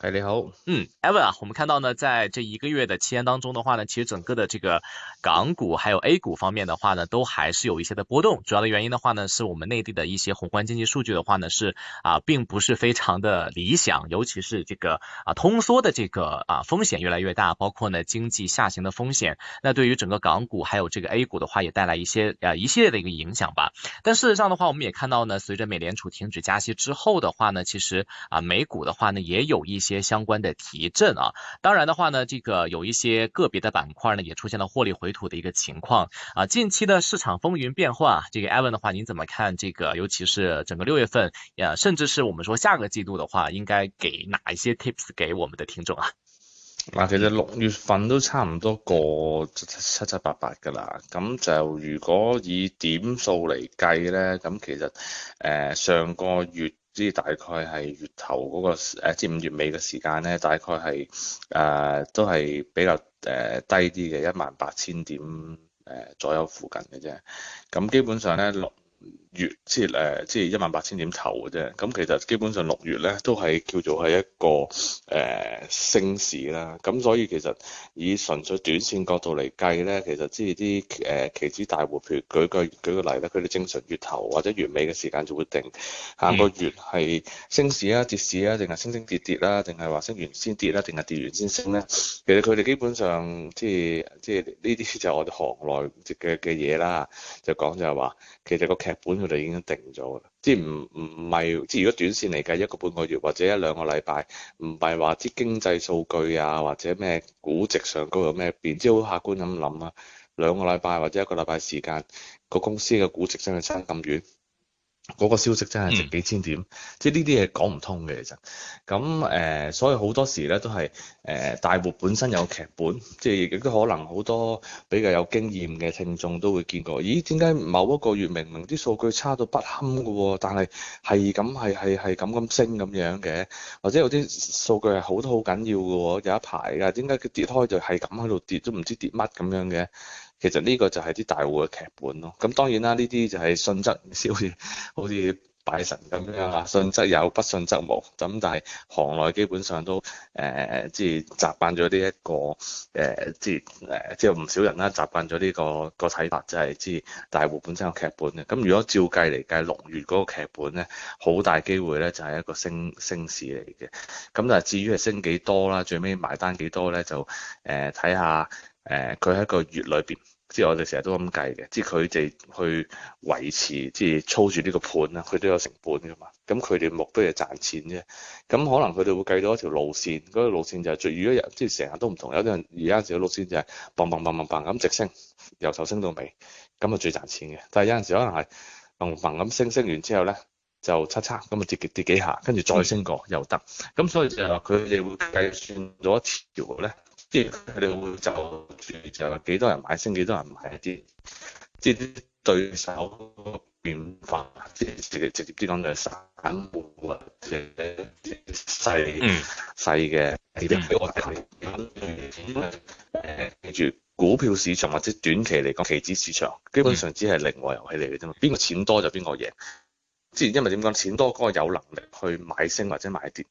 誒，你好 Hey、嗯，嗯，Evan 啊，我們看到呢，在這一個月的期間當中的話呢，其實整個的這個港股還有 A 股方面的話呢，都還是有一些的波動，主要的原因的話呢，是我們內地的一些宏觀經濟數據的話呢，是啊，並不是非常的理想，尤其是這個啊通縮的這個啊風險越來越大，包括呢經濟下行的風險，那對於整個港股還有這個 A 股的話，也帶來一些啊一系列的一個影響吧。但事實上的話，我們也看到呢，隨着美聯儲停止加息之後的話呢，其實啊美股的話呢，也有一些。一些相關的提振啊，當然的話呢，這個有一些個別的板塊呢，也出現了獲利回吐的一個情況啊。近期的市場風雲變幻啊，這個艾文的話，您怎麼看？這個尤其是整個六月份，啊，甚至是我們說下個季度的話，應該給哪一些 tips 給我們的聽眾啊？嗱，其實六月份都差唔多過七七七八八噶啦，咁就如果以點數嚟計咧，咁其實誒、呃、上個月。啲大概係月頭嗰個誒，即五月尾嘅時間咧，大概係誒、呃、都係比較誒低啲嘅，一萬八千點誒左右附近嘅啫。咁基本上咧落。月即係誒，即係一萬八千點頭嘅啫。咁其實基本上六月咧都係叫做係一個誒升市啦。咁所以其實以純粹短線角度嚟計咧，其實即係啲誒期指大戶，譬如舉個舉個例啦，佢哋正常月頭或者月尾嘅時間就會定下個月係升市啊、跌市啊，定係升升跌跌啦、啊，定係話升完先跌啦、啊，定係跌完先升咧。其實佢哋基本上即係即係呢啲就係我哋行內嘅嘅嘢啦，就講就係話其實個劇本。佢哋已經定咗啦，即係唔唔係，即係如果短線嚟計一個半個月或者一兩個禮拜，唔係話啲經濟數據啊或者咩估值上高有咩變，只好客觀咁諗啦，兩個禮拜或者一個禮拜時間，個公司嘅估值真係差咁遠。嗰個消息真係值幾千點，嗯、即係呢啲嘢講唔通嘅其實。咁誒、呃，所以好多時咧都係誒、呃、大戶本身有劇本，即係亦都可能好多比較有經驗嘅聽眾都會見過。咦？點解某一個月明明啲數據差到不堪嘅喎、啊，但係係咁係係係咁咁升咁樣嘅？或者有啲數據係好都好緊要嘅喎、啊，有一排㗎。點解佢跌開就係咁喺度跌，都唔知跌乜咁樣嘅？其實呢個就係啲大戶嘅劇本咯。咁當然啦，呢啲就係信則消，好似拜神咁樣啊。嗯、信則有，不信則無。咁但係行內基本上都誒、呃這個呃，即係習慣咗呢一個誒，即係誒，即係唔少人啦、啊，習慣咗呢個個睇法，就係、是、知大戶本身有劇本嘅。咁如果照計嚟計，六月嗰個劇本咧，好大機會咧就係一個升升市嚟嘅。咁但係至於係升幾多啦，最尾埋單幾多咧，就誒睇下誒佢喺一個月裏邊。即係我哋成日都咁計嘅，即係佢哋去維持，即係操住呢個盤啦，佢都有成本噶嘛。咁佢哋目的係賺錢啫。咁可能佢哋會計到一條路線，嗰個路線就係最。如果即係成日都唔同，有啲人而家有時嘅路線就係砰砰砰砰砰咁直升，由頭升到尾，咁啊最賺錢嘅。但係有陣時可能係砰砰咁升升完之後咧，就嚓嚓咁啊跌跌跌幾下，跟住再升過又得。咁所以就係話佢哋會計算咗一條咧。即係佢哋會就住就話幾多人買升，幾多人買啲，即係啲對手變化，即係直接直接啲講就係散戶或者啲細細嘅。你俾我睇住，誒，記住股票市場或者短期嚟講期指市場，基本上只係另外遊戲嚟嘅啫嘛。邊個、嗯、錢多就邊個贏。即係因為點講，錢多嗰個有能力去買升或者買跌。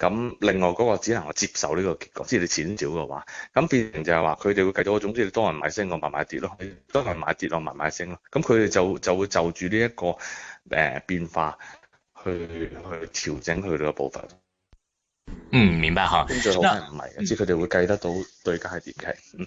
咁另外嗰個只能接受呢個結果，即係你錢少嘅話，咁變成就係話佢哋會計到，總之你多人買升，我咪買跌咯；多人買跌，我咪買升咯。咁佢哋就就會就住呢一個誒變化去去調整佢哋嘅步伐。嗯，明白嚇。咁最好係唔係？No. 即係佢哋會計得到對家係點計？嗯。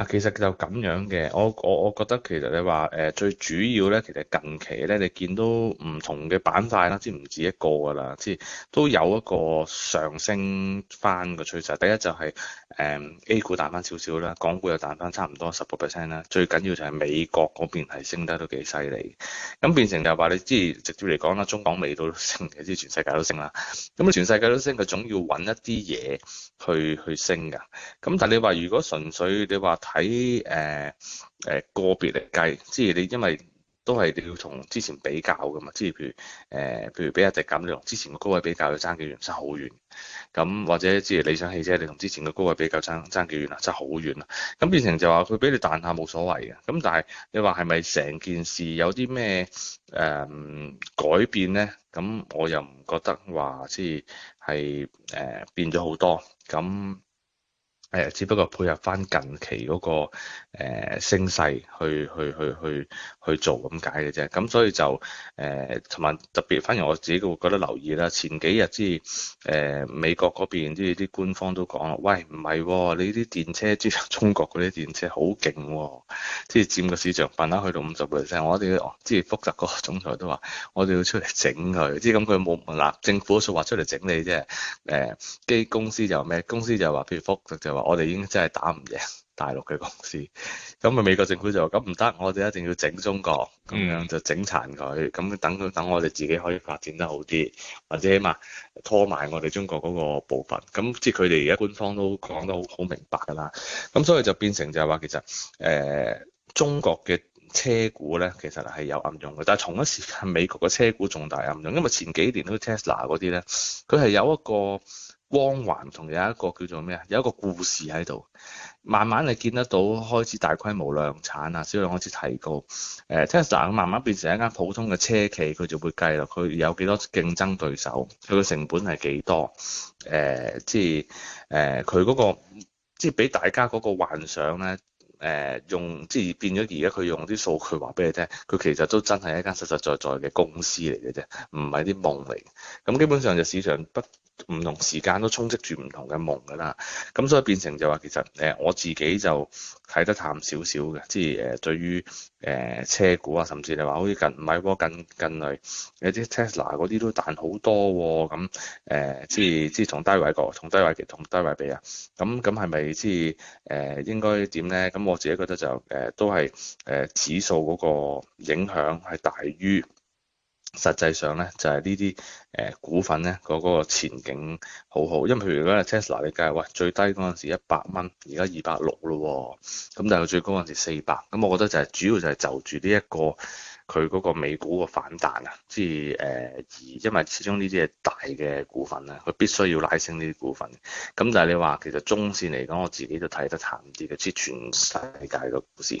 啊、其實就咁樣嘅，我我我覺得其實你話誒、呃、最主要咧，其實近期咧，你見到唔同嘅板塊啦，即唔止一個㗎啦，即係都有一個上升翻嘅趨勢。第一就係、是、誒、嗯、A 股彈翻少少啦，港股又彈翻差唔多十個 percent 啦。最緊要就係美國嗰邊係升得都幾犀利，咁變成就係、是、話你即係直接嚟講啦，中港美都升，其實全世界都升啦。咁啊，全世界都升，佢總要揾一啲嘢去去升㗎。咁但係你話如果純粹你話，喺誒誒個別嚟計，即係你因為都係你要同之前比較噶嘛，即係譬如誒譬如比亞迪咁，你同之前個高位比較，要爭幾遠？爭好遠。咁或者即係理想汽車，你同之前個高位比較，爭爭幾遠啊？爭好遠啊！咁變成就話佢俾你彈下冇所謂嘅。咁但係你話係咪成件事有啲咩誒改變咧？咁我又唔覺得話即係係誒變咗好多。咁。係、哎、只不過配合翻近期嗰、嗰個誒聲、呃、勢去去去去去做咁解嘅啫，咁所以就誒同埋特別，反而我自己會覺得留意啦。前幾日即係誒美國嗰邊啲啲官方都講啦，喂唔係、哦、你啲電車，之中國嗰啲電車好勁喎。即係佔個市場，笨下去到五十 percent，我哋即係福特個總裁都話，我哋要出嚟整佢。即係咁，佢冇立政府都話出嚟整你啫。誒、呃，機公司就咩？公司就話，譬如福特就話，我哋已經真係打唔贏大陸嘅公司。咁咪美國政府就話，咁唔得，我哋一定要整中國，咁樣就整殘佢。咁等佢等我哋自己可以發展得好啲，或者起碼拖埋我哋中國嗰個部分。咁即係佢哋而家官方都講得好好明白㗎啦。咁所以就變成就係話，其實誒。呃中國嘅車股咧，其實係有暗湧嘅，但係同一時間美國嘅車股仲大暗湧，因為前幾年嗰啲 Tesla 嗰啲咧，佢係有一個光環同有一個叫做咩啊，有一個故事喺度，慢慢你見得到開始大規模量產啊，先開始提高。誒、呃、Tesla 慢慢變成一間普通嘅車企，佢就會計落佢有幾多競爭對手，佢嘅成本係幾多？誒、呃，即係誒，佢、呃、嗰、嗰個即係俾大家嗰個幻想咧。誒、呃、用即係變咗，而家佢用啲數據話俾你聽，佢其實都真係一間實實在在嘅公司嚟嘅啫，唔係啲夢嚟嘅。咁基本上就市場不。唔同時間都充斥住唔同嘅夢㗎啦，咁所以變成就話其實誒我自己就睇得淡少少嘅，即係誒對於誒車股啊，甚至你話好似近唔係、啊、近近嚟有啲 Tesla 嗰啲都彈好多喎、啊，咁誒即係即係從低位過，從低位同低位比啊，咁咁係咪即係誒應該點咧？咁我自己覺得就誒、呃、都係誒、呃、指數嗰個影響係大於。實際上咧，就係呢啲誒股份咧，個、嗰個前景好好。因為譬如如果係你 Tesla，你計下，喂，最低嗰陣時一百蚊，而家二百六咯喎。咁但係佢最高嗰陣時四百。咁我覺得就係、是、主要就係就住呢一個佢嗰個美股嘅反彈啊，即係而，因為始終呢啲係大嘅股份咧，佢必須要拉升呢啲股份。咁但係你話其實中線嚟講，我自己就睇得淡啲嘅，即、就、係、是、全世界嘅股市。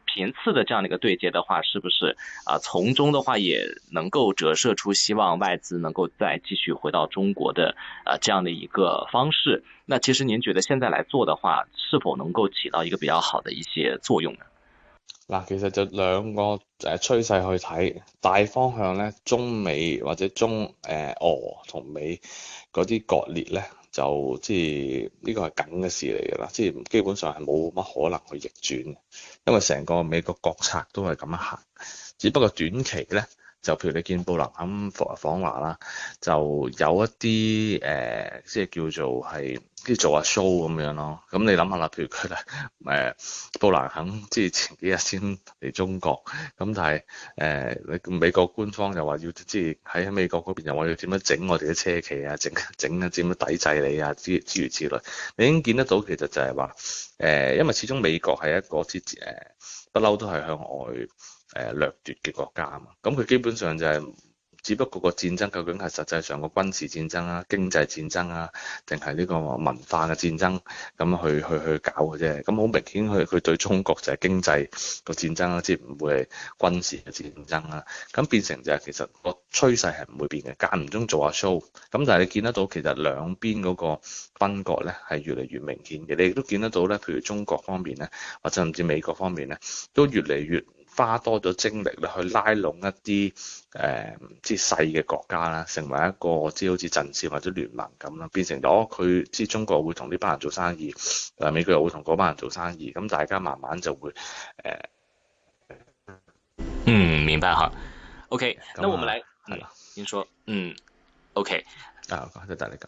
前次的這樣的一個對接的話，是不是啊？從中的話也能夠折射出希望外資能夠再繼續回到中國的啊，這樣的一個方式。那其實您覺得現在來做的話，是否能夠起到一個比較好的一些作用呢？嗱，其實就兩個誒趨勢去睇，大方向咧，中美或者中誒俄同美嗰啲割裂咧。就即係呢個係梗嘅事嚟嘅啦，即係基本上係冇乜可能去逆轉嘅，因為成個美國國策都係咁樣行，只不過短期咧。就譬如你見布林肯訪訪華啦，就有一啲誒、呃，即係叫做係啲做下 show 咁樣咯。咁你諗下啦，譬如佢誒、呃、布林肯，即係前幾日先嚟中國，咁但係誒，你、呃、美國官方又話要即係喺喺美國嗰邊又話要點樣整我哋啲車企啊，整整啊，點樣抵制你啊之之如此類。你已經見得到其實就係話誒，因為始終美國係一個之誒，不、呃、嬲都係向外。誒掠奪嘅國家啊嘛，咁佢基本上就係、是，只不過個戰爭究竟係實際上個軍事戰爭啊、經濟戰爭啊，定係呢個文化嘅戰爭咁去去去搞嘅啫。咁好明顯，佢佢對中國就係經濟個戰爭啦，即係唔會係軍事嘅戰爭啊。咁變成就係、是、其實個趨勢係唔會變嘅，間唔中做下 show。咁但係你見得到其實兩邊嗰個分隔咧係越嚟越明顯嘅。你亦都見得到咧，譬如中國方面咧，或者甚至美國方面咧，都越嚟越花多咗精力去拉攏一啲誒唔知細嘅國家啦，成為一個即好似陣線或者聯盟咁啦，變成咗佢即係中國會同呢班人做生意，誒美國又會同嗰班人做生意，咁大家慢慢就會誒。呃、嗯，明白吓 OK，咁我哋嚟，您說、嗯，嗯，OK。啊，再等你講，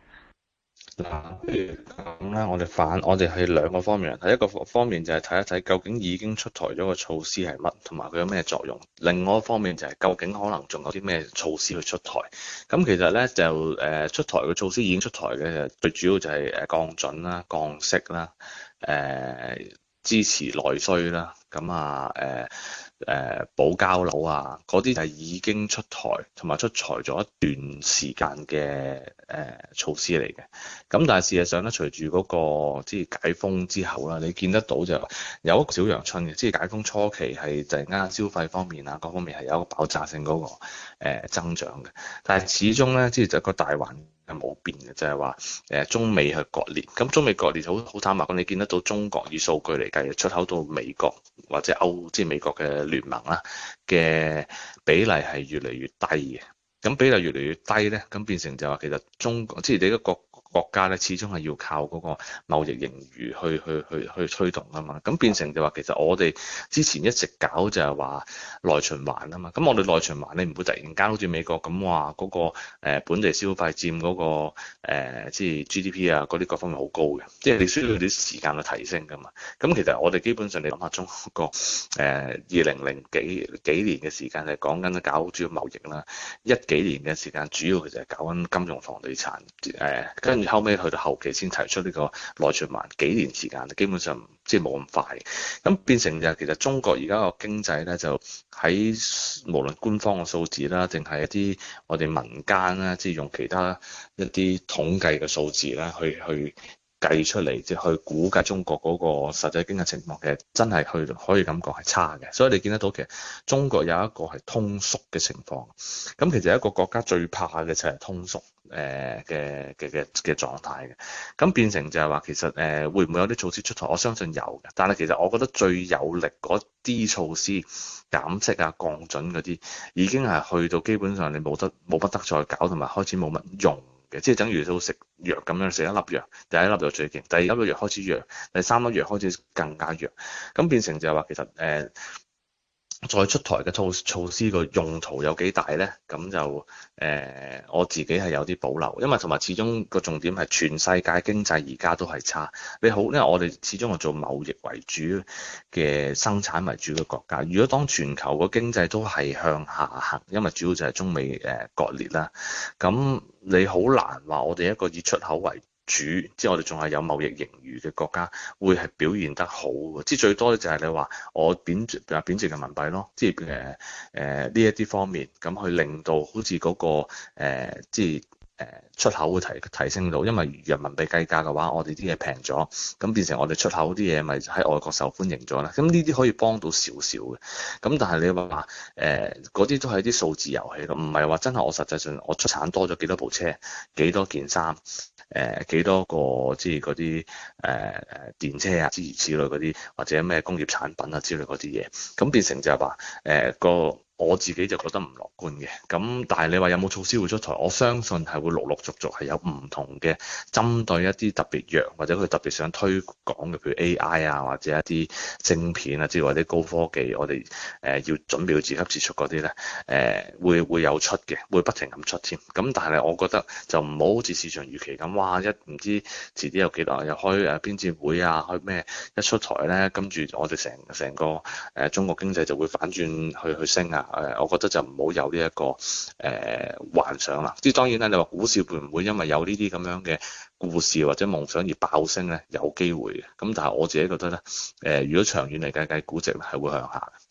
嗱，咁咧，我哋反，我哋係兩個方面，第一個方面就係睇一睇究竟已經出台咗個措施係乜，同埋佢有咩作用。另外一方面就係究竟可能仲有啲咩措施去出台。咁其實咧就誒、呃，出台嘅措施已經出台嘅，最主要就係誒降準啦、降息啦、誒、呃、支持內需啦。咁啊，誒、呃。誒、呃、保交樓啊，嗰啲就已經出台同埋出台咗一段時間嘅誒、呃、措施嚟嘅。咁但係事實上咧，隨住嗰、那個即係解封之後啦，你見得到就有一個小陽春嘅。即係解封初期係就係啱啱消費方面啊，各方面係有一個爆炸性嗰、那個、呃、增長嘅。但係始終咧，即係就係個大環。冇變嘅，就係話誒中美去割裂，咁中美割裂就好好坦白講，你見得到中國以數據嚟計，出口到美國或者歐即係、就是、美國嘅聯盟啦嘅比例係越嚟越低嘅，咁比例越嚟越低咧，咁變成就話其實中國即係、就是、你一個。國家咧始終係要靠嗰個貿易盈餘去去去去,去推動啊嘛，咁變成就話其實我哋之前一直搞就係話內循環啊嘛，咁我哋內循環你唔會突然間好似美國咁話嗰個、呃、本地消費佔嗰、嗰個即係、呃、GDP 啊嗰啲各方面好高嘅，即、就、係、係、你需要啲時間去提升噶嘛，咁其實我哋基本上你諗下中國誒二零零幾幾年嘅時間係、就係、講緊咧搞主要貿易啦，一幾年嘅時間主要其實係搞緊金融、房地產誒、呃、跟。後尾，去到後期先提出呢個內循環，幾年時間，基本上即係冇咁快。咁變成就其實中國而家個經濟咧，就喺無論官方嘅數字啦，定係一啲我哋民間啦，即係用其他一啲統計嘅數字啦，去去，計出嚟即係去估計中國嗰個實際經濟情況嘅，其實真係去可以感覺係差嘅。所以你見得到其實中國有一個係通縮嘅情況。咁其實一個國家最怕嘅就係通縮誒嘅嘅嘅嘅狀態嘅。咁變成就係話其實誒、呃、會唔會有啲措施出台？我相信有嘅。但係其實我覺得最有力嗰啲措施減息啊、降準嗰啲，已經係去到基本上你冇得冇不得再搞同埋開始冇乜用。即係等於都食藥咁樣，食一粒藥，第一粒藥最勁，第二粒藥開始弱，第三粒藥開始更加弱，咁變成就係話其實誒。呃再出台嘅措措施個用途有幾大呢？咁就誒、呃、我自己係有啲保留，因為同埋始終個重點係全世界經濟而家都係差。你好，因為我哋始終係做貿易為主嘅生產為主嘅國家。如果當全球個經濟都係向下行，因為主要就係中美誒割裂啦，咁你好難話我哋一個以出口為主即係我哋仲係有貿易盈餘嘅國家，會係表現得好即係最多咧，就係你話我貶啊貶值人民幣咯。即係誒誒呢一啲方面，咁去令到好似嗰個誒即係誒出口會提提升到，因為人民幣計價嘅話，我哋啲嘢平咗，咁變成我哋出口啲嘢咪喺外國受歡迎咗喇。咁呢啲可以幫到少少嘅。咁但係你話誒嗰啲都係啲數字遊戲咯，唔係話真係我實際上我出產多咗幾多部車，幾多件衫。誒幾、呃、多個即係嗰啲誒誒電車啊，之類之類嗰啲，或者咩工業產品啊之類嗰啲嘢，咁變成就係話誒個。我自己就覺得唔樂觀嘅。咁但係你話有冇措施會出台？我相信係會陸陸續續係有唔同嘅，針對一啲特別弱或者佢特別想推廣嘅，譬如 A.I. 啊，或者一啲晶片啊之類啲高科技，我哋誒、呃、要準備要自給自足嗰啲咧，誒、呃、會會有出嘅，會不停咁出添。咁但係我覺得就唔好好似市場預期咁，哇一唔知遲啲有幾耐又開誒編制會啊，開咩一出台咧，跟住我哋成成個誒、呃、中國經濟就會反轉去去升啊～誒，我覺得就唔好有呢、這、一個誒、呃、幻想啦。即係當然啦，你話股市會唔會因為有呢啲咁樣嘅故事或者夢想而爆升咧？有機會嘅。咁但係我自己覺得咧，誒、呃，如果長遠嚟計，計估值係會向下嘅。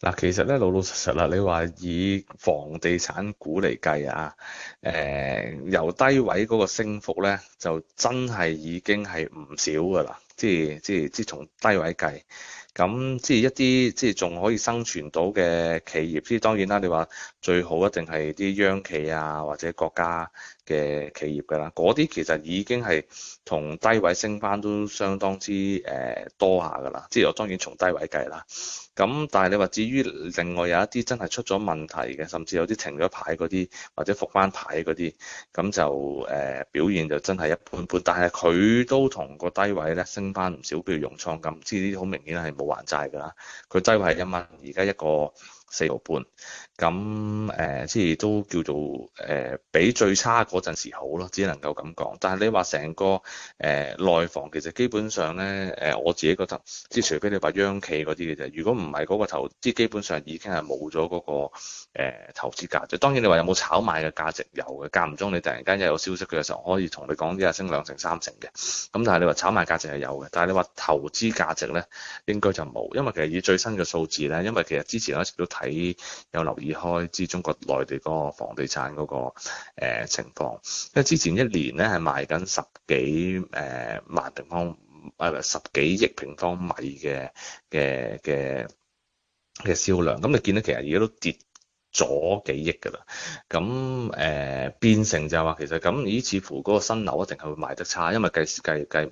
嗱，其實咧老老實實啦，你話以房地產股嚟計啊，誒、呃、由低位嗰個升幅咧，就真係已經係唔少噶啦，即係即係即係從低位計，咁即係一啲即係仲可以生存到嘅企業，即係當然啦，你話最好一定係啲央企啊或者國家嘅企業㗎啦，嗰啲其實已經係同低位升翻都相當之誒、呃、多下㗎啦。即係我當然從低位計啦。咁但係你話至於另外有一啲真係出咗問題嘅，甚至有啲停咗牌嗰啲，或者復翻牌嗰啲，咁就誒、呃、表現就真係一般般。但係佢都同個低位咧升翻唔少，譬如融創咁，唔知呢啲好明顯係冇還債㗎啦。佢低位係一蚊，而家一個。四毫半，咁誒、呃，即係都叫做誒、呃，比最差嗰陣時好咯，只能夠咁講。但係你話成個誒、呃、內房其實基本上咧，誒、呃、我自己覺得，即係除非你話央企嗰啲嘅啫。如果唔係嗰個投，即基本上已經係冇咗嗰個、呃、投資價值。當然你話有冇炒賣嘅價值？有嘅，間唔中你突然間一有消息嘅時候，可以同你講啲啊升兩成三成嘅。咁但係你話炒賣價值係有嘅，但係你話投資價值咧應該就冇，因為其實以最新嘅數字咧，因為其實之前一直都睇有留意開之中國內地嗰個房地產嗰、那個、呃、情況，因為之前一年咧係賣緊十幾誒、呃、萬平方誒、呃、十幾億平方米嘅嘅嘅嘅銷量，咁你見到其實而家都跌咗幾億㗎啦，咁誒、呃、變成就話其實咁咦，似乎嗰個新樓一定係會賣得差，因為計計計計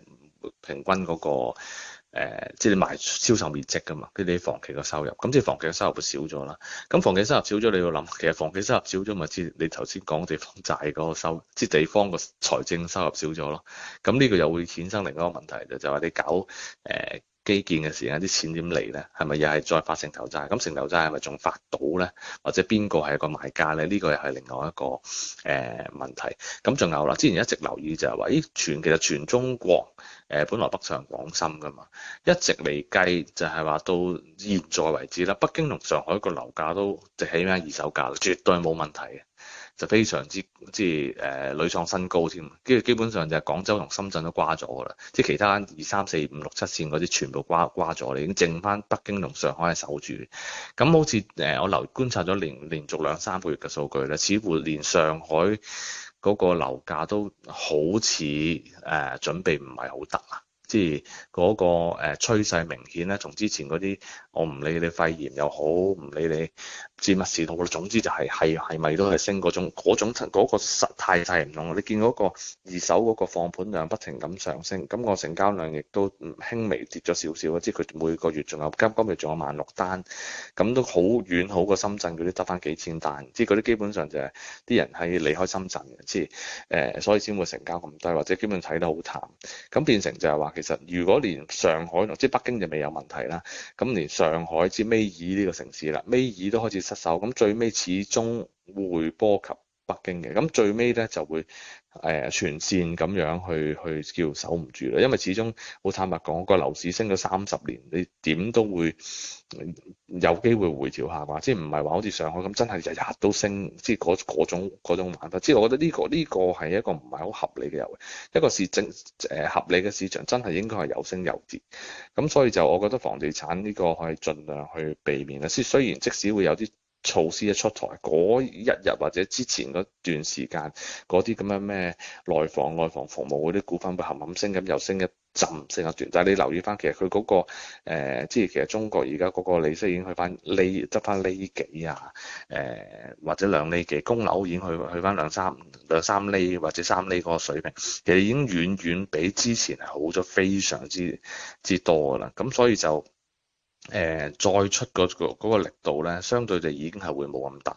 平均嗰、那個。誒、呃，即你賣銷售面積㗎嘛，跟住啲房企個收入，咁即係房企嘅收入會少咗啦。咁房企收入少咗，你要諗，其實房企收入少咗，咪即你頭先講地方債嗰個收，即係地方個財政收入少咗咯。咁呢個又會衍生另一個問題嘅，就係、是、你搞誒。呃基建嘅時間啲錢點嚟呢？係咪又係再發城投債？咁城投債係咪仲發到呢？或者邊個係個買家呢？呢、這個又係另外一個誒、呃、問題。咁仲有啦，之前一直留意就係話，咦？全其實全中國誒、呃，本來北上廣深噶嘛，一直未計就係話，到現在為止啦，北京同上海個樓價都值起咩二手價，絕對冇問題嘅。就非常之即係誒屢創新高添，跟住基本上就係廣州同深圳都瓜咗噶啦，即係其他二三四五六七線嗰啲全部瓜瓜咗啦，已經剩翻北京同上海係守住。咁好似誒、呃、我留觀察咗連連續兩三個月嘅數據咧，似乎連上海嗰個樓價都好似誒、呃、準備唔係好得啦，即係嗰個誒趨勢明顯咧，從之前嗰啲。我唔理你肺炎又好，唔理你知乜事都好，總之就係係係咪都係升嗰種嗰種嗰個實態勢唔同。你見嗰個二手嗰個放盤量不停咁上升，咁個成交量亦都輕微跌咗少少。即係佢每個月仲有今今日仲有萬六單，咁都好遠好過深圳嗰啲得翻幾千單。即係嗰啲基本上就係啲人係離開深圳，嘅，即係誒，所以先會成交咁低，或者基本睇得好淡。咁變成就係話，其實如果連上海即係北京就未有問題啦，咁連上。上海至尾二呢個城市啦，尾二都開始失守，咁最尾始終會波及。北京嘅，咁最尾咧就會誒、呃、全線咁樣去去叫守唔住啦，因為始終好坦白講，個樓市升咗三十年，你點都會、呃、有機會回調下啩，即係唔係話好似上海咁真係日日都升，即係嗰嗰種玩法。即係我覺得呢個呢個係一個唔係好合理嘅遊戲，一個是正誒、呃、合理嘅市場真係應該係有升有跌，咁所以就我覺得房地產呢個可以盡量去避免啦。即係雖然即使會有啲。措施一出台嗰一日或者之前嗰段時間嗰啲咁樣咩內房、外房服務嗰啲股份會冚冚升，咁又升一陣，升一段。但係你留意翻，其實佢嗰、嗰個誒，即、呃、係其實中國而家嗰個利息已經去翻釐，執翻釐幾啊？誒、呃、或者兩厘幾，供樓已經去去翻兩三兩三厘或者三厘嗰個水平，其實已經遠遠比之前係好咗非常之之多㗎啦。咁所以就。誒、呃，再出嗰個嗰個力度咧，相對就已經係會冇咁大。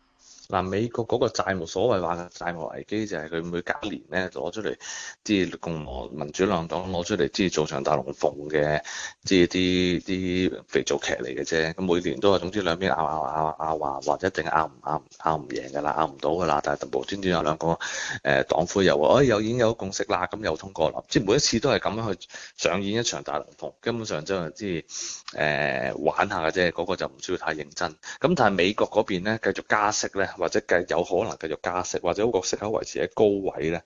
嗱，美國嗰個債務所謂話嘅債務危機，就係佢每隔年咧攞出嚟，即係共和民主兩黨攞出嚟，即係做場大龍鳳嘅，即係啲啲肥皂劇嚟嘅啫。咁每年都係，總之兩邊拗拗拗拗話話，或者一定拗唔拗拗唔贏㗎啦，拗唔到㗎啦。但係無端端有兩個誒黨魁又話，哎，有已經有共識啦，咁又通過啦。即係每一次都係咁樣去上演一場大龍鳳，根本上就係即係誒玩下嘅啫。嗰個就唔需要太認真。咁但係美國嗰邊咧，繼續加息咧。或者計有可能繼續加息，或者個息口維持喺高位咧，誒、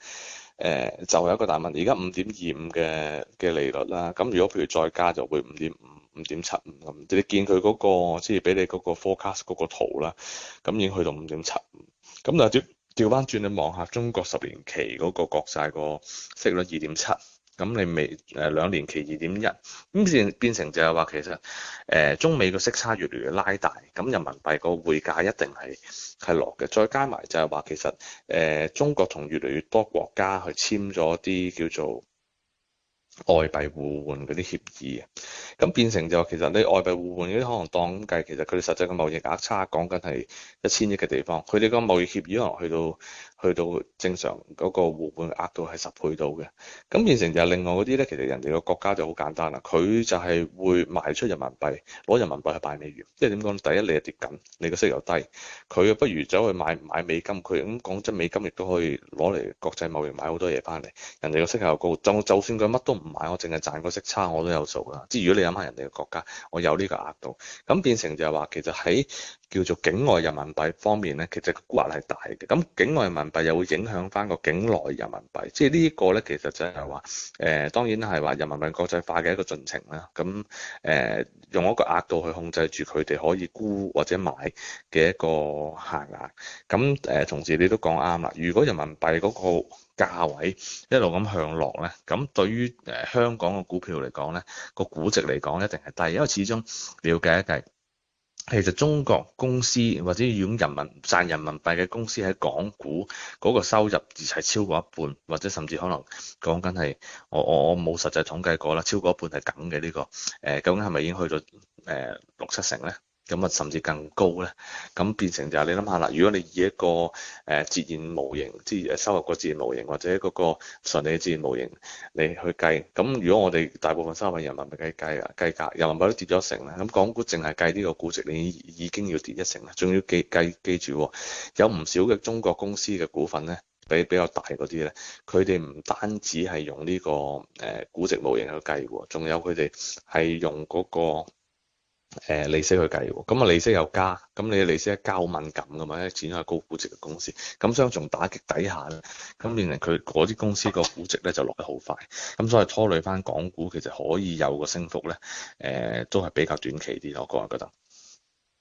呃、就有、是、一個大問。而家五點二五嘅嘅利率啦，咁如果譬如再加就會五點五、五點七五咁。你見佢嗰，那個即係俾你嗰個 forecast 嗰個圖啦，咁已經去到五點七五。咁就調調翻轉去望下中國十年期嗰個國債個息率二點七。咁你未誒兩年期二點一，咁變變成就係話其實誒、呃、中美個息差越嚟越拉大，咁人民幣個匯價一定係係落嘅，再加埋就係話其實誒、呃、中國同越嚟越多國家去簽咗啲叫做外幣互換嗰啲協議啊，咁變成就其實你外幣互換嗰啲可能當咁計其實佢哋實際嘅貿易額差講緊係一千億嘅地方，佢哋個貿易協議可能去到。去到正常嗰個互換額度係十倍到嘅，咁變成就係另外嗰啲呢。其實人哋個國家就好簡單啦，佢就係會賣出人民幣，攞人民幣去買美元。即係點講？第一你係跌緊，你個息，息又低，佢不如走去買買美金，佢咁講真，美金亦都可以攞嚟國際貿易買好多嘢翻嚟。人哋個息，息又高，就就算佢乜都唔買，我淨係賺個息差，我都有數啦。即係如果你諗下人哋嘅國家，我有呢個額度，咁變成就係話其實喺。叫做境外人民幣方面咧，其實個額係大嘅。咁境外人民幣又會影響翻個境內人民幣，即係呢一個咧，其實就係話誒，當然係話人民幣國際化嘅一個進程啦。咁誒、呃，用一個額度去控制住佢哋可以沽或者買嘅一個限額。咁誒、呃，同時你都講啱啦。如果人民幣嗰個價位一路咁向落咧，咁對於誒、呃、香港嘅股票嚟講咧，個估值嚟講一定係低，因為始終你要計一計。其實中國公司或者用人民賺人民幣嘅公司喺港股嗰、那個收入而係超過一半，或者甚至可能講緊係我我冇實際統計過啦，超過一半係咁嘅呢個，誒、呃、究竟係咪已經去到誒、呃、六七成咧？咁啊，甚至更高咧，咁變成就係、是、你諗下啦。如果你以一個誒自、呃、然模型，即係收入個自然模型，或者嗰個純利自然模型嚟去計，咁如果我哋大部分收入人民幣計啊，計價，人民幣都跌咗成啦，咁港股淨係計呢個估值，你已經要跌一成啦，仲要記記記住，有唔少嘅中國公司嘅股份咧，比比較大嗰啲咧，佢哋唔單止係用呢、這個誒估、呃、值模型去計喎，仲有佢哋係用嗰、那個。誒利息去計喎，咁啊利息又加，咁你嘅利息一加好敏感噶嘛，因為始終係高估值嘅公司，咁雙重打擊底下咧，咁令到佢嗰啲公司個估值咧就落得好快，咁所以拖累翻港股，其實可以有個升幅咧，誒、呃、都係比較短期啲咯，我個人覺得。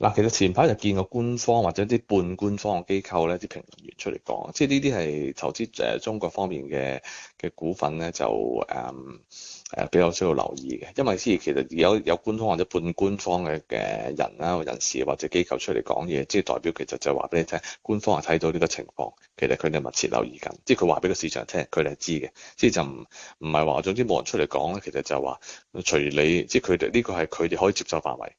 嗱，其實前排就見過官方或者啲半官方嘅機構咧，啲評論員出嚟講，即係呢啲係投資誒中國方面嘅嘅股份咧，就誒。Um, 誒比較需要留意嘅，因為即係其實有有官方或者半官方嘅嘅人啦、人士或者機構出嚟講嘢，即係代表其實就係話俾你聽，官方係睇到呢個情況，其實佢哋密切留意緊，即係佢話俾個市場聽，佢哋係知嘅，即係就唔唔係話總之冇人出嚟講咧，其實就話隨你，即係佢哋呢個係佢哋可以接受範圍，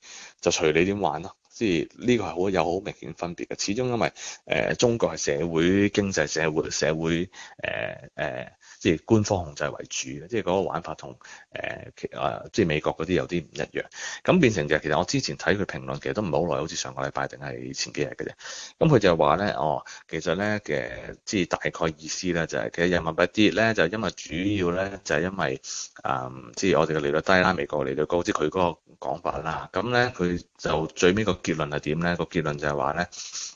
就隨你點玩囉。即係呢個係好有好明顯分別嘅，始終因為誒、呃、中國係社會經濟社會社會誒誒。呃呃即係官方控制為主嘅，即係嗰個玩法同誒其誒即係美國嗰啲有啲唔一樣。咁變成就其實我之前睇佢評論，其實都唔係好耐，好似上個禮拜定係前幾日嘅啫。咁佢就話咧，哦，其實咧嘅即係大概意思咧就係，其實人民幣跌咧就因為主要咧就係因為誒、嗯，即係我哋嘅利率低啦，美國利率高，即係佢嗰個講法啦。咁咧佢就最尾個結論係點咧？個結論就係話咧。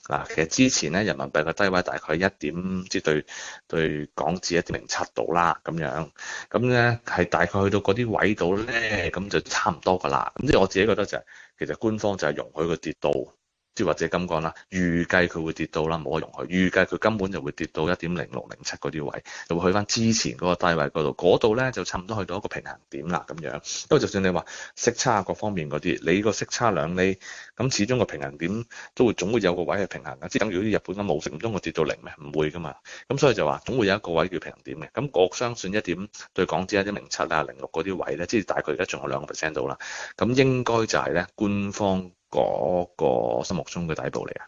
嗱，其實之前咧，人民幣嘅低位大概一點，即係對，對港紙一點零七度啦，咁樣，咁咧係大概去到嗰啲位度咧，咁就差唔多噶啦。咁即係我自己覺得就係、是，其實官方就係容許個跌到。即或者金剛啦，預計佢會跌到啦，冇得容許。預計佢根本就會跌到一點零六、零七嗰啲位，就會去翻之前嗰個低位嗰度。嗰度咧就差唔多去到一個平衡點啦，咁樣。不過就算你話息差各方面嗰啲，你個息差兩厘，咁始終個平衡點都會總會有個位係平衡嘅。即係等如啲日本金冇成唔中，會跌到零咩？唔會噶嘛。咁所以就話總會有一個位叫平衡點嘅。咁我相信一點，對港紙一點零七啊、零六嗰啲位咧，即係大概而家仲有兩個 percent 到啦。咁應該就係咧官方嗰個心目中嘅底部嚟啊！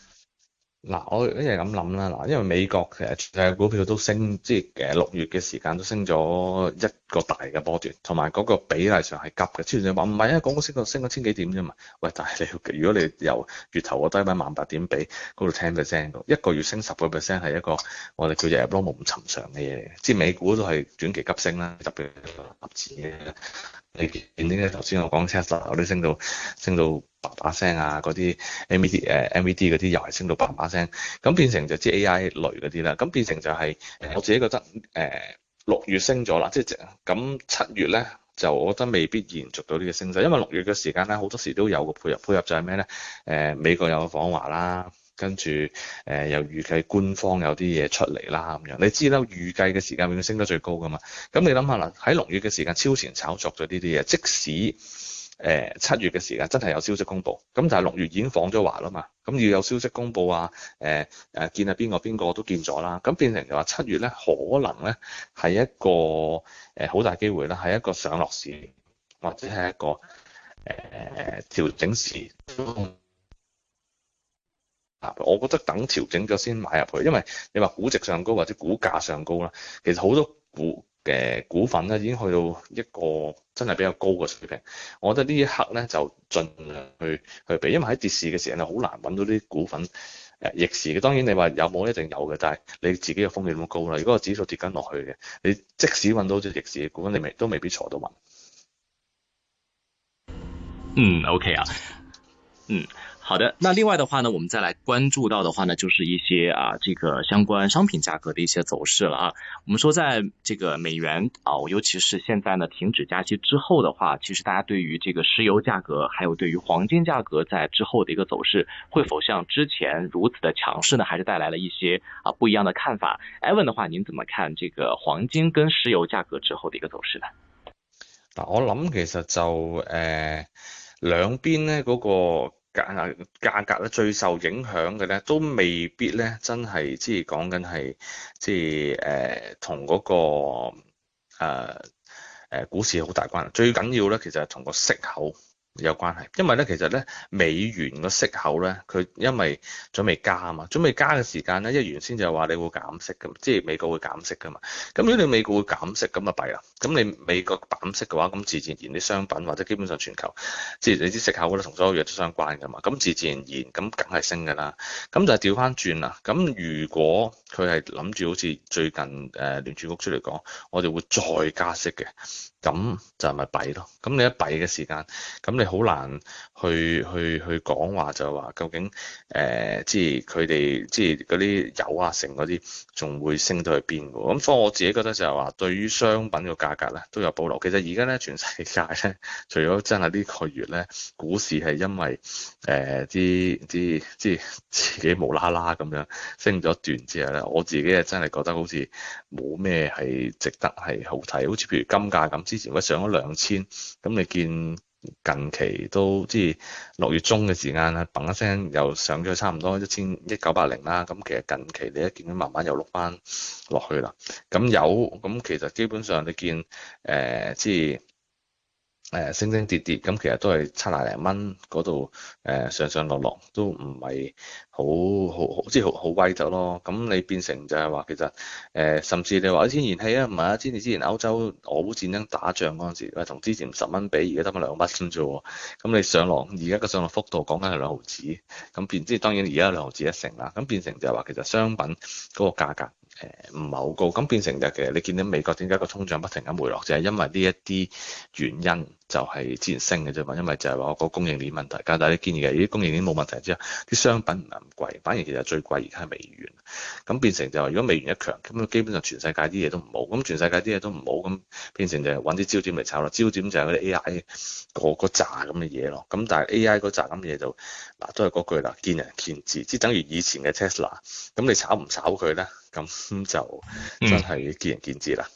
嗱，我一係咁諗啦，嗱，因為美國其實成隻股票都升，即係誒六月嘅時間都升咗一個大嘅波段，同埋嗰個比例上係急嘅。之前你話唔係啊，港股升個升咗千幾點啫嘛？喂，但係你如果你由月頭個低位萬八點比嗰度 ten percent，一個月升十個 percent 係一個我哋叫日日冇咁尋常嘅嘢，即係美股都係短期急升啦，特別合指。你見呢？頭先我講 Tesla 啲升到升到八把聲啊，嗰啲 MVD 誒、uh, MVD 嗰啲又係升到八把聲，咁變成就即 AI 類嗰啲啦。咁變成就係、是、我自己覺得誒六、呃、月升咗啦，即係咁七月咧就我覺得未必延續到呢個升勢，因為六月嘅時間咧好多時都有個配合配合就係咩咧？誒、呃、美國有個訪華啦。跟住誒、呃，又預計官方有啲嘢出嚟啦，咁樣你知啦，預計嘅時間永遠升得最高噶嘛？咁你諗下啦，喺六月嘅時間超前炒作咗呢啲嘢，即使誒七、呃、月嘅時間真係有消息公布，咁但係六月已經放咗話啦嘛，咁要有消息公布啊，誒、呃、誒見下邊個邊個都見咗啦，咁變成就話七月咧可能咧係一個誒好、呃、大機會啦，係一個上落市或者係一個誒調、呃、整市。我覺得等調整咗先買入去，因為你話估值上高或者股價上高啦，其實好多股嘅股份咧已經去到一個真係比較高嘅水平。我覺得呢一刻咧就儘量去去避，因為喺跌市嘅時候，你好難揾到啲股份誒逆市嘅。當然你話有冇一定有嘅，但係你自己嘅風險咁高啦。如果個指數跌緊落去嘅，你即使揾到隻逆市嘅股份，你未都未必坐到穩。嗯，OK 啊，嗯。好的，那另外的話呢，我們再來關注到的話呢，就是一些啊，這個相關商品價格的一些走勢了啊。我們說，在這個美元啊，尤其是現在呢停止加息之後的話，其實大家對於這個石油價格，還有對於黃金價格在之後的一個走勢，會否像之前如此的強勢呢？還是帶來了一些啊不一樣的看法？Evan 的話，您怎麼看這個黃金跟石油價格之後的一個走勢呢？嗱，我諗其實就呃，兩邊呢，嗰、那個。價啊，價格咧最受影響嘅咧，都未必咧真係，即係講緊係，即係誒，同嗰、那個誒誒、呃呃、股市好大關係。最緊要咧，其實係同個息口有關係，因為咧，其實咧美元個息口咧，佢因為準備加啊嘛，準備加嘅時間咧，因為原先就係話你會減息嘅，即係美國會減息噶嘛，咁如果你美國會減息，咁啊弊啦。咁你美國減息嘅話，咁自自然然啲商品或者基本上全球，即係你啲食口啦，同所有嘢都相關嘅嘛。咁自自然然咁梗係升嘅啦。咁就係調翻轉啦。咁如果佢係諗住好似最近誒聯儲局出嚟講，我哋會再加息嘅，咁就係咪弊咯。咁你一弊嘅時間，咁你好難去去去,去講話就係話究竟誒，即係佢哋即係嗰啲油啊成，成嗰啲仲會升到去邊喎？咁所以我自己覺得就係話，對於商品嘅價。價格啦，都有保留。其實而家咧，全世界咧，除咗真係呢個月咧，股市係因為誒啲啲即係自己無啦啦咁樣升咗段之後咧，我自己係真係覺得好似冇咩係值得係好睇。好似譬如金價咁，之前佢上咗兩千，咁你見。近期都即係六月中嘅時間啦，砰一聲又上咗差唔多一千一九八零啦，咁其實近期你一見到慢慢又落翻落去啦，咁有咁其實基本上你見誒、呃、即係。誒升升跌跌咁，其實都係七廿零蚊嗰度，誒、呃、上上落落都唔係好好好，即係好好威就咯。咁你變成就係話其實誒、呃，甚至你話好似燃氣啊，唔係啊，之之之前歐洲俄烏戰爭打仗嗰陣時，同之前十蚊比而家得個兩蚊啫喎。咁你上落而家個上落幅度講緊係兩毫子，咁變即係當然而家兩毫子一成啦。咁變成就係話其實商品嗰個價格誒唔係好高，咁變成就是、其實你見到美國點解個通脹不停咁回落，就係、是、因為呢一啲原因。就係之前升嘅啫嘛，因為就係話我個供應鏈問題。但大你建議嘅，咦供應鏈冇問題之後，啲商品唔係咁貴，反而其實最貴而家係美元。咁變成就係如果美元一強，咁基本上全世界啲嘢都唔好。咁全世界啲嘢都唔好，咁變成就係揾啲焦點嚟炒啦。焦點就係嗰啲 A I 個個炸咁嘅嘢咯。咁但係 A I 嗰炸咁嘅嘢就嗱，都係嗰句啦，見仁見智。即係等於以前嘅 Tesla。咁你炒唔炒佢咧？咁就真係見仁見智啦。嗯。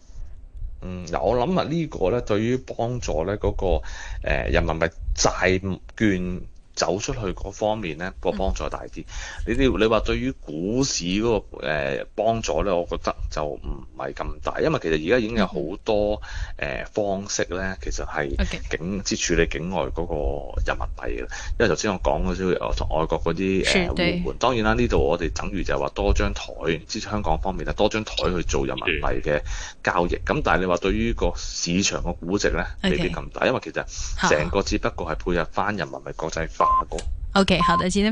嗯，我諗啊、嗱，呢個咧，對於幫助咧嗰個誒人民幣債券，走出去嗰方面咧、那個幫助大啲、嗯，你啲你話對於股市嗰、那個誒、呃、幫助咧，我覺得就唔係咁大，因為其實而家已經有好多誒、嗯呃、方式咧，其實係境之處理境外嗰個人民幣嘅。因為頭先我講咗少外國嗰啲誒互換，當然啦，呢度我哋等於就係話多張台，即係香港方面就多張台去做人民幣嘅交易。咁 Okay. 但係你話對於個市場嘅估值咧，未必咁大，因為其實成個只不過係配合翻人民幣國際化。OK，好的，今天。